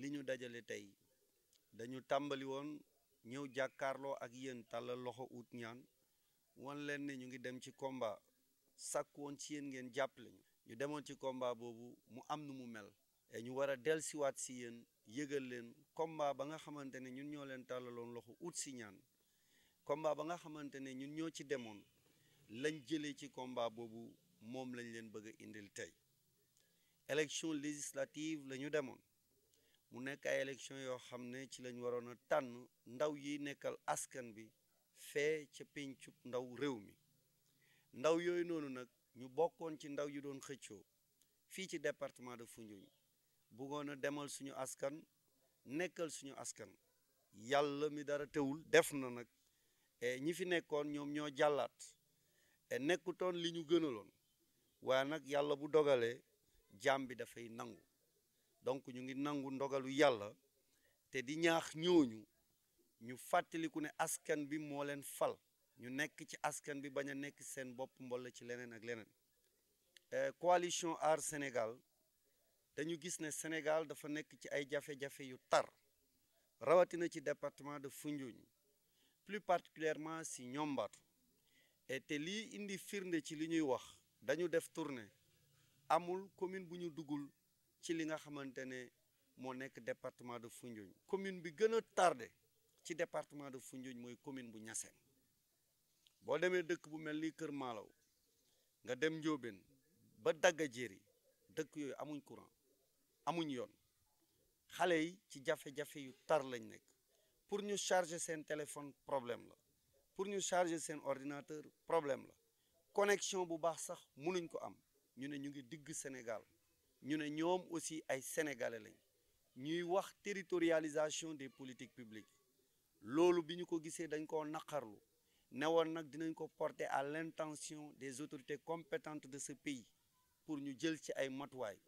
li ñu dajale tey dañu tàmbali woon ñëw jàkkaarloo ak yéen tàllal loxo ut ñaan wan leen ne ñu ngi dem ci komba sàkk woon ci yéen ngeen jàppale ñu ñu demoon ci komba boobu mu am mu mel ñu war a dellusiwaat si yéen yëgal leen combat ba nga xamante ne ñun ñoo leen tàllaloon loxo ut si ñaan combat ba nga xamante ne ñun ñoo ci demoon lañ jëlee ci combat boobu moom lañ leen bëgg a indil tey élection législative lañu demoon mu nekk ay yoo xam ne ci lañ waroon a tànn ndaw yi nekkal askan bi fee ca pencub ndaw réew mi ndaw yooyu noonu nag ñu bokkoon ci ndaw yi doon xëccoo fii ci département de Foundiougne buggoon a demal suñu askan nekkal suñu askan yàlla mi dara teewul def na nag e ñi fi nekkoon ñoom ñoo jàllaat e nekkutoon li ñu gënaloon waaye nag yàlla bu dogalee jaam bi dafay nangu donc ñu ngi nangu ndogalu yàlla te di ñaax ñooñu ñu fàttaliku ne askan bi moo leen fal ñu nekk ci askan bi bañ a nekk seen bopp mbolla ci leneen ak leneen euh, coalition Aar Sénégal dañu gis ne Sénégal dafa nekk ci ay jafe-jafe yu tar rawatina ci département de Foundiougne plus particulièrement si Ñombaatu et te lii indi firnde ci li ñuy wax dañu def tournée amul commune bu ñu duggul ci li nga xamante ne moo nekk département de Foundiougne commune bi gën a tardé ci département de Foundiougne mooy commune bu Niassène boo demee dëkk bu mel ni Kër Maalaw nga dem Njóobeen ba Dagga yi dëkk yooyu amuñ courant amuñ yoon xale yi ci jafe-jafe yu tar lañ nekk pour ñu charger seen téléphone problème la pour ñu charger seen ordinateur problème la connexion bu baax sax mënuñ ko am ñu ne ñu ngi digg Sénégal ñu ne ñoom aussi ay sénégalais lañ ñuy wax territorialisation des politiques publiques loolu bi ñu ko gisee dañ ko naqarlu ne woon nag dinañ ko porter à l'intention des autorités compétentes de ce pays pour ñu jël ci ay matuwaay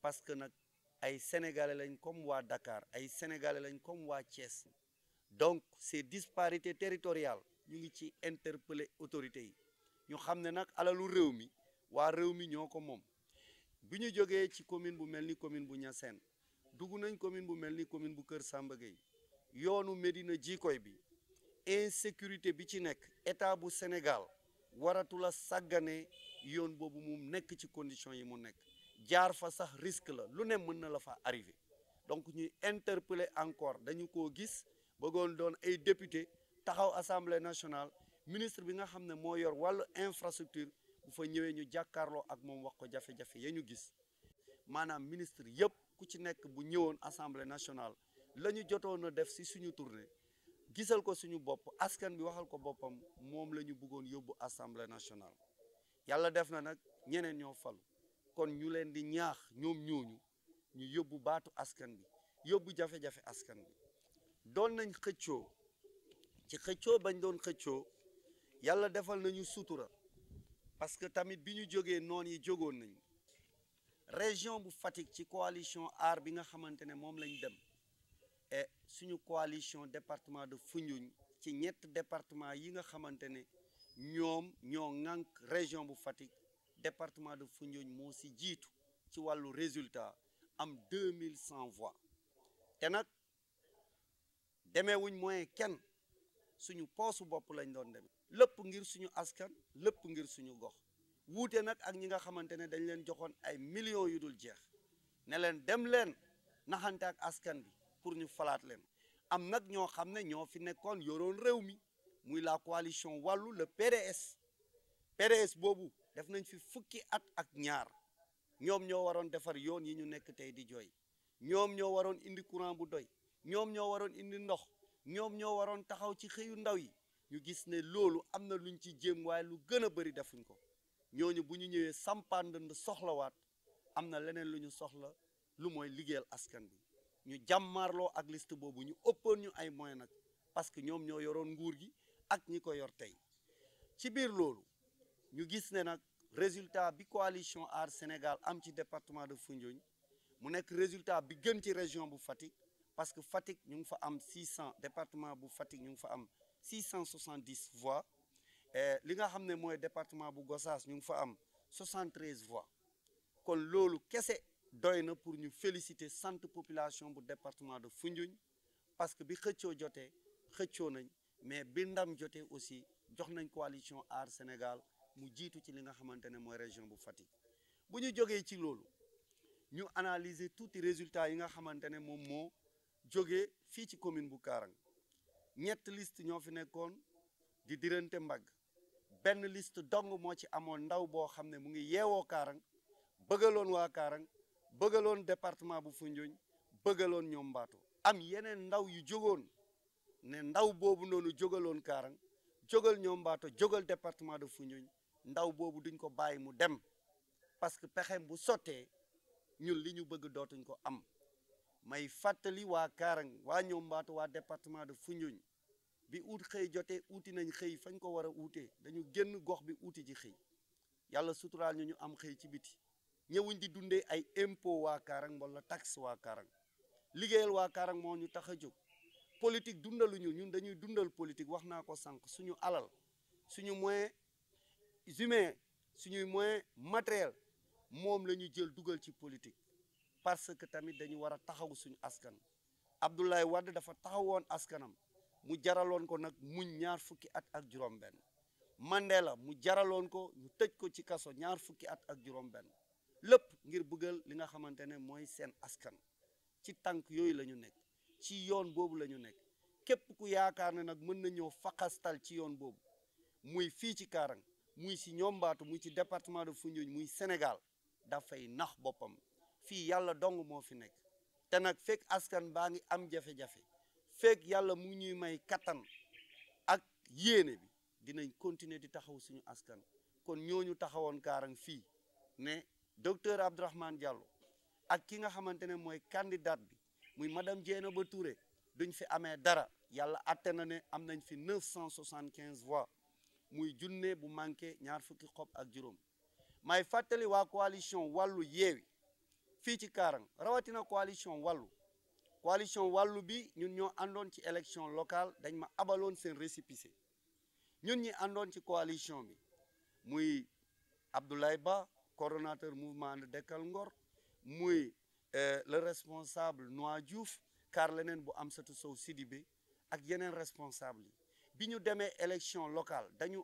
parce que nag ay sénégalais lañ comme waa Dakar ay sénégalais lañ comme waa Thiès donc ces disparités territoriales ñu ngi ci interpeller autorités yi ñu xam ne nag alalu réew mi waa réew mi ñoo ko moom bi ñu jógee ci commune bu mel ni commune bu Niassène dugg nañ commune bu mel ni commune bu Kër Samba Gueye yoonu Medina Jikoy bi insécurité bi ci nekk état bu Sénégal waratula sàggane yoon boobu mu nekk ci condition yi mu nekk jaar fa sax risque la lu ne mën na la fa arrivé donc ñuy interpeller encore dañu ko gis bëggoon doon ay député taxaw assemblée nationale ministre bi nga xam ne moo yor walla infrastructure bu fa ñëwee ñu jàkkaarloo ak moom wax ko jafe-jafe ya ñu gis maanaam ministre yëpp ku ci nekk bu ñëwoon assemblée nationale la ñu jotoon a def si suñu tournée gisal ko suñu bopp askan bi waxal ko boppam moom la ñu bëggoon yóbbu assemblée nationale. yàlla def na nag ñeneen ñoo falu kon ñu leen di ñaax ñoom ñooñu ñu yóbbu baatu askan bi yóbbu jafe-jafe askan bi doon nañ xëccoo ci xëccoo bañ doon xëccoo yàlla defal nañu sutura. parce que tamit bi ñu jógee noon yi jógoon nañ région bu Fatick ci coalition aar bi nga xamante ne moom lañ dem et suñu coalition département de Foundiougne ci ñett département yi nga xamante ne ñoom ñoo ŋànk région bu Fatick département de Foundiougne moo si jiitu ci wàllu résultat am deux mille cent voix te nag demeewuñ moyen kenn suñu poosu bopp lañ doon deme lépp ngir suñu askan lépp ngir suñu gox wuute nag ak ñi nga xamante ne dañ leen joxoon ay millions yu dul jeex ne leen dem leen naxante ak askan bi pour ñu falaat leen am nag ñoo xam ne ñoo fi nekkoon yoroon réew mi muy la coalition wàllu la PDS PDS boobu def nañ fi fukki at ak ñaar ñoom ñoo waroon defar yoon yi ñu nekk tey di jooy ñoom ñoo waroon indi courant bu doy ñoom ñoo waroon indi ndox ñoom ñoo waroon taxaw ci xëyu ndaw yi ñu gis ne loolu am na lu luñ ci jéem waaye lu gën a bëri defuñ ko ñooñu bu ñu ñëwee sampaan dënd soxlawaat am na leneen lu ñu soxla lu mooy liggéeyal askan bi ñu jàmmaarloo ak liste boobu ñu ëppoon ñu ay moyen nag parce que ñoom ñoo yoroon nguur gi ak ñi ko yor tey ci biir loolu ñu gis ne nag résultat bi coalition Aar Sénégal am ci département de Foundiougne mu nekk résultat bi gën ci région bu Fatick parce que Fatick ñu ngi fa am 600 département bu Fatick ñu ngi fa am cent 670 voix li nga xam ne mooy département bu Gossas ñu ngi fa am 73 voix kon loolu kese doy na pour ñu féliciter sant population bu département de Foundiougne parce que bi xëccoo jotee xëccoo nañ mais bi ndam jotee aussi jox nañ coalition Aar Sénégal mu jiitu ci li nga xamante ne mooy région bu Fatick bu ñu jógee ci loolu ñu analyser tuuti résultats yi nga xamante ne moom moo jógee fii ci commune bu Karang ñett liste ñoo fi nekkoon di dirante mbagg benn liste dong moo ci amoon ndaw boo xam ne mu ngi yeewoo Kaarang bëggaloon waa Kaarang bëggaloon département bu Foundiougne bëggaloon ñoom Mbaato am yeneen ndaw yu jógoon ne ndaw boobu noonu jógaloon Kaarang jógal ñoom Mbaato jógal département de Foundiougne ndaw boobu duñ ko bàyyi mu dem parce que pexem bu sottee ñun li ñu bëgg dootuñ ko am may fàttali waa Kaarang waa ñëw mbaatu waa département de Foundiougne bi uut xëy jotee uuti nañ xëy fañ ko war a uutee dañu génn gox bi uti ci xëy yàlla suturaal ñu ñu am xëy ci biti ñëwuñ di dundee ay impôt waa Kaarang wala taxe waa Kaarang liggéeyal waa Kaarang moo ñu tax a jóg politique dundaluñu ñun dañuy dundal politique wax naa ko sànq suñu alal suñu moyen humain suñuy moyen matériel moom la ñu jël dugal ci politique parce que tamit dañu war a taxaw suñu askan Abdoulaye Wade dafa taxaw woon askanam mu jaraloon ko nag muñ ñaar fukki at ak juróom-benn Mandela mu jaraloon ko ñu tëj ko ci kaso ñaar fukki at ak juróom-benn lépp ngir bëggal li nga xamante ne mooy seen askan ci tànk yooyu la ñu nekk ci yoon boobu la ñu nekk képp ku yaakaar ne nag mën na ñëw faqastal ci yoon boobu muy fii ci Karang muy si ñombaatu muy ci département de Foundiougne muy Sénégal dafay nax boppam fii yàlla dong moo fi nekk te nag fekk askan baa ngi am jafe-jafe fekk yàlla mu ñuy may kattan ak yéene bi dinañ continuer di taxaw suñu askan kon ñu taxawoon kaarang fii ne docteur Abdourahmane Diallo ak ki nga xamante ne mooy candidate bi muy madam ba Dieynaba du duñ fi amee dara yàlla atte na ne am nañ fi 975 voix muy junne bu manqué ñaar fukki xob ak juróom may fàttali waa coalition wàllu yeewi fii ci Kaarang rawatina coalition wàllu coalition wàllu bi ñun ñoo àndoon ci élection locale dañ ma abaloon seen récépissé ñun ñi àndoon ci coalition bi muy Abdoulaye Ba coordonnateur mouvement And Dekkal Ngor muy euh, le responsable Noa Diouf car leneen bu am Amsatou Sow bi ak yeneen responsable yi bi ñu demee élection locale dañu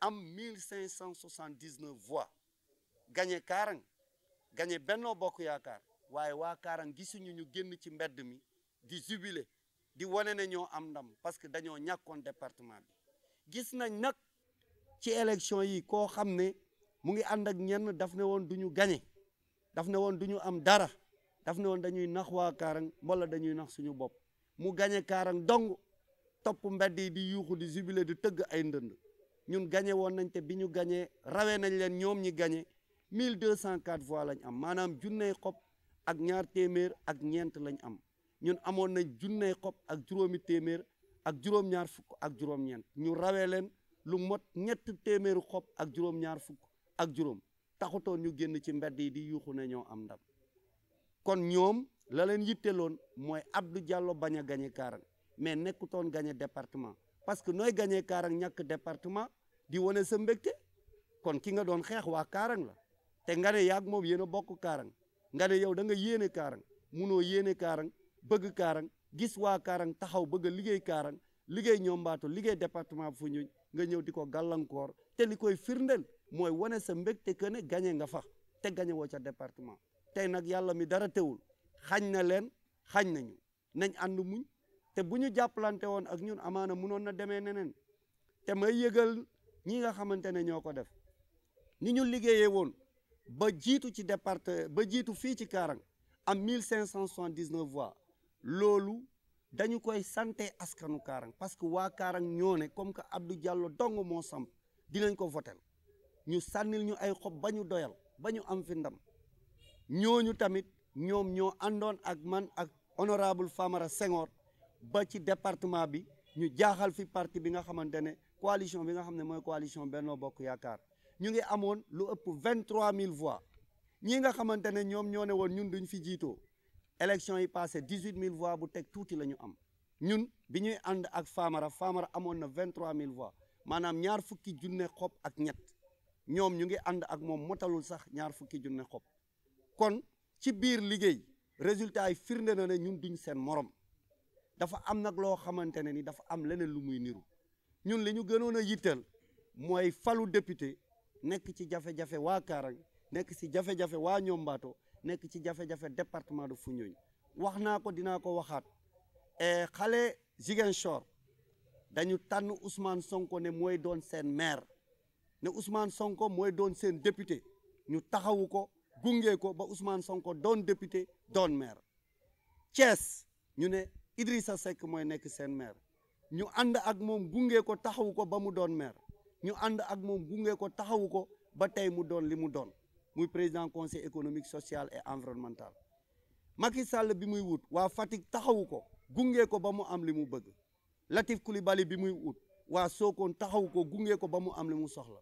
am mille cinq cent soixante-dix-neuf voix gagné gañe Benno Bokk Yaakaar waaye waa Kaarang gisuñu ñu génn ci mbedd mi di jubilé di wane ne ñoo am ndam parce que dañoo ñàkkoon département bi gis nañ nag ci élection yi koo xam ne mu ngi ànd ak ñenn daf ne woon du ñu gañe daf ne woon du ñu am dara daf ne woon dañuy nax waa Kaarang wala dañuy nax suñu bopp mu gañe Kaarang dong topp mbedd yi di yuuxu di jubilé di tëgg ay ndënd ñun gañe woon nañ te bi ñu gañee rawee nañ leen ñoom ñi gañe mille deux cent quatre voix am maanaam junney xob ak ñaar téeméer ak ñeent lañ am ñun amoon nañ junney xob ak juróomi téeméer ak juróom-ñaar fukk ak juróom-ñeent ñu rawee leen lu mot ñett téeméeru xob ak juróom-ñaar fukk ak juróom taxutoon ñu génn ci mbedd yi di yuuxu ne ñoo am ndam kon ñoom la leen yitteloon mooy Abdou Diallo bañ a gañe Kaarang mais nekkutoon gañe département parce que nooy gañee Kaarang ñàkk département di wane sa mbégte kon ki nga doon xeex waa Kaarang la te nga ne yaag moom yéen a bokk kaarang nga ne yow da nga yéene kaarang munoo yéene kaarang bëgg kaarang gis waa kaarang taxaw bëgg liggéey kaarang liggéey ñombaato liggéey département bu fu ñu nga ñëw di ko gàllankoor te li koy firndeel mooy wane sa mbégte que ne gañe nga fa te gañe woo ca département tey nag yàlla mi dara teewul xañ na leen xañ nañu nañ ànd muñ te bu ñu jàppalante woon ak ñun amaana munoon na demee neneen te may yëgal ñi nga xamante ne ñoo ko def ba jiitu ci département ba jiitu fii ci Karang am mille cinq cent soixante-dix-neuf voix loolu dañu koy sante askanu Karang parce que waa Karang ñoo ne comme que Abdou Diallo dong moo samp dinañ ko votel ñu sànnil ñu ay xob ba ñu doyal ba ñu am fi ndam ñooñu tamit ñoom ñoo àndoon ak man ak honorable Famara Senghor ba ci département bi ñu jaaxal fi parti bi nga xamante ne coalition bi nga xam ne mooy coalition Benno Bokk Yaakaar ñu ngi amoon lu ëpp vingt trois mille voix ñi nga xamante ne ñoom ñoo ne woon ñun duñ fi jiitoo élection yi passé dix huit mille voix bu teg tuuti la ñu am ñun bi ñuy ànd ak faamara Famara amoon na vingt trois mille voix maanaam ñaar fukki junne xob ak ñett ñoom ñu ngi ànd ak moom motalul sax ñaar fukki junne xob kon ci biir liggéey résultat yi firnde na ne ñun duñ seen morom dafa am nag loo xamante ne ni dafa am leneen lu muy niru ñun li ñu gënoon a yittal mooy falu député nekk ci jafe-jafe waa Kaarang nekk si jafe-jafe waa Ñombaato nekk ci jafe-jafe département de Foundiougne wax naa ko dinaa ko waxaat e, xale Ziguinchor dañu tànn Ousmane Sonko ne mooy doon seen maire ne Ousmane Sonko mooy doon seen député ñu taxawu ko gunge ko ba Ousmane Sonko doon député doon maire Thiès ñu ne Idrissa Seck mooy nekk seen maire ñu ànd ak moom gunge ko taxawu ko ba mu doon maire ñu ànd ak moom gunge ko taxawu ko ba tey mu doon li mu doon muy président conseil économique social et environnemental Macky Sall bi muy wut waa Fatick taxawu ko gunge ko ba mu am li mu bëgg Latif Coulibaly bi muy wut waa Sokone taxawu ko gunge ko ba mu am li mu soxla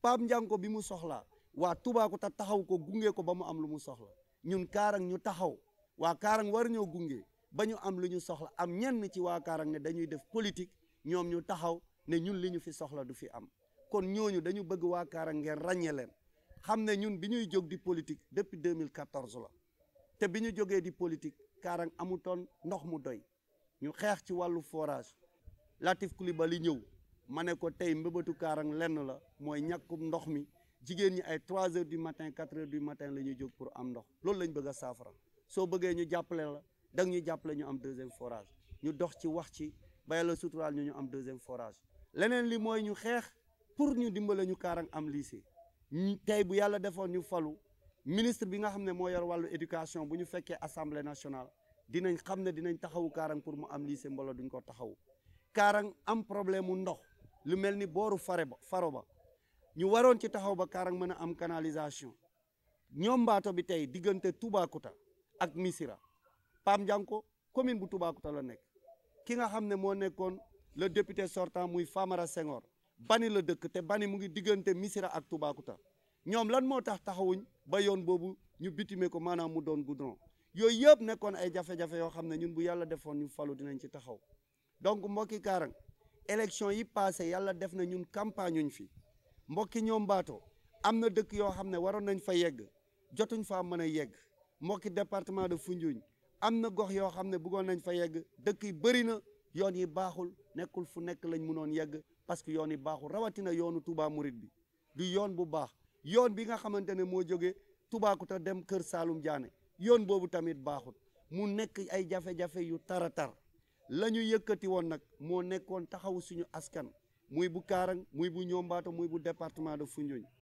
Pape Ndianko bi mu soxlaa waa Toubacouta taxaw ko gunge ko ba mu am lu mu soxla ñun Kaarang ñu taxaw waa Kaarang war ñoo gunge ba ñu am lu ñu soxla am ñenn ci waa Kaarang ne dañuy def politique ñoom ñu taxaw ne ñun li ñu fi soxla du fi am kon ñooñu dañu bëgg waa Kaarangeer ràññee leen xam ne ñun bi ñuy jóg di politique depuis 2014 la te bi ñu jógee di politique Kaarang amutoon ndox mu doy ñu xeex ci wàllu forage Latif li ñëw ma ne ko tey mbëbëtu Kaarang lenn la mooy ñàkkum ndox mi jigéen ñi ay trois heures du matin 4 heures du matin la ñuy jóg pour am ndox loolu lañ bëgg a saafara soo bëggee ñu jàppale la dang ñu jàppale ñu am deuxième forage ñu dox ci wax ci ba yàlla suturaal ñu ñu am deuxième forage pour ñu dimbale ñu Kaarang am lycée tey bu yàlla defoon ñu falu ministre bi nga xam ne moo yor wàllu éducation bu ñu fekkee assemblée nationale dinañ xam ne dinañ taxawu Kaarang pour mu am lycée mbooloo duñ ko taxawu Kaarang am problème mu ndox lu mel ni booru fare ba faro ba ñu waroon ci taxaw ba Kaarang mën a am canalisation ñoom mbaato bi tey diggante Toubacouta ak Missirah Pam Dianko commune bu Toubacouta la nekk ki nga xam ne moo nekkoon le député sortant muy Famara Senghor bani la dëkk te bani mu ngi diggante Missirah ak Toubacouta ñoom lan moo tax taxawuñ ba yoon boobu ñu bitime ko maanaam mu doon goudron yooyu yëpp nekkoon ay jafe-jafe yoo xam ne ñun bu yàlla defoon ñu falu dinañ ci taxaw donc mbokki Kaarang élection yi passé yàlla def na ñun campagne uñ fi mbokki ñoom mbaatoo am na dëkk yoo xam ne waroon nañ fa yegg jotuñ faa mën a yegg mbokki département de Foundiougne am na gox yoo xam ne bëggoon nañ fa yegg dëkk yi bëri na yoon yi baaxul nekkul fu nekk lañ mënoon yegg parce que yoon yi baaxul rawatina yoonu Touba Mouride bi du yoon bu baax yoon bi nga xamante ne moo jógee Toubacouta dem Kër Saalum Diané yoon boobu tamit baaxul mu nekk ay jafe-jafe yu taratar la ñu yëkkati woon nag moo nekkoon taxawu suñu askan muy bu Kaarang muy bu Ñombaato muy bu département de Foundiougne